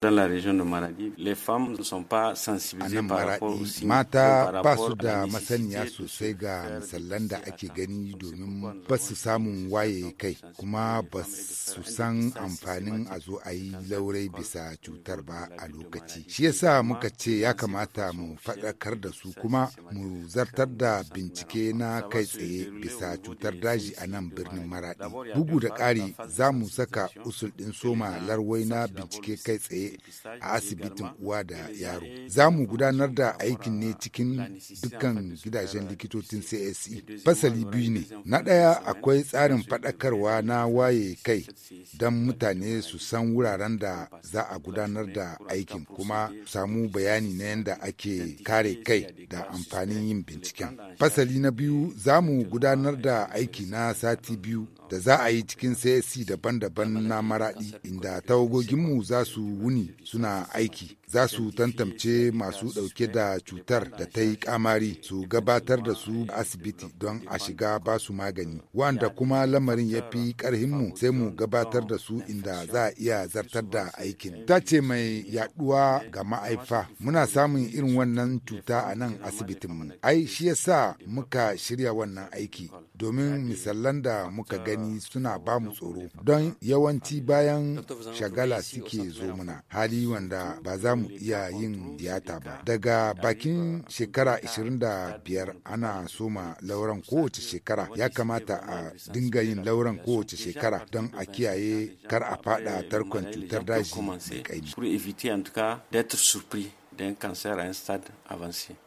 Dans la région de Maradi, les femmes ne sont pas sensibilisées par rapport Mata ba su da masaniya sosai ga misalan da ake gani domin ba su samun waye kai kuma ba su san amfanin a zo a yi laurai bisa cutar ba a lokaci. Shi yasa muka ce ya kamata mu faɗakar da su kuma mu zartar da bincike na kai tsaye bisa cutar daji a nan birnin Maradi. Bugu da ƙari za mu saka usul ɗin soma larwai na bincike kai tsaye a asibitin uwa da yaro za mu gudanar da aikin ne cikin dukkan gidajen likitocin cse fasali biyu ne na ɗaya akwai tsarin faɗakarwa na waye kai don mutane su san wuraren da za a gudanar da aikin kuma samu bayani na yadda ake kare kai da amfanin yin binciken fasali na biyu za mu gudanar da aiki na sati biyu da za a yi cikin sayasi daban-daban na maraɗi inda tawagoginmu za su wuni suna aiki za su tantance masu ɗauke da cutar da ta yi kamari su gabatar da su asibiti don a shiga ba su magani wanda kuma lamarin ya fi ƙarhinmu sai mu gabatar da su inda za a iya zartar da aikin ta ce mai yaɗuwa ga ma'aifa muna samun irin wannan cuta a nan asibitinmu ai shi yasa muka shirya wannan aiki domin misalan da muka gani gani suna ba mu tsoro don yawanci bayan shagala suke zo muna hali wanda ba za mu iya yin tiyata ba daga bakin shekara 25 ana soma lauran kowace shekara ya kamata a dinga yin lauran kowace shekara don a kiyaye kar a fada tarkon cutar daji mai kaimi.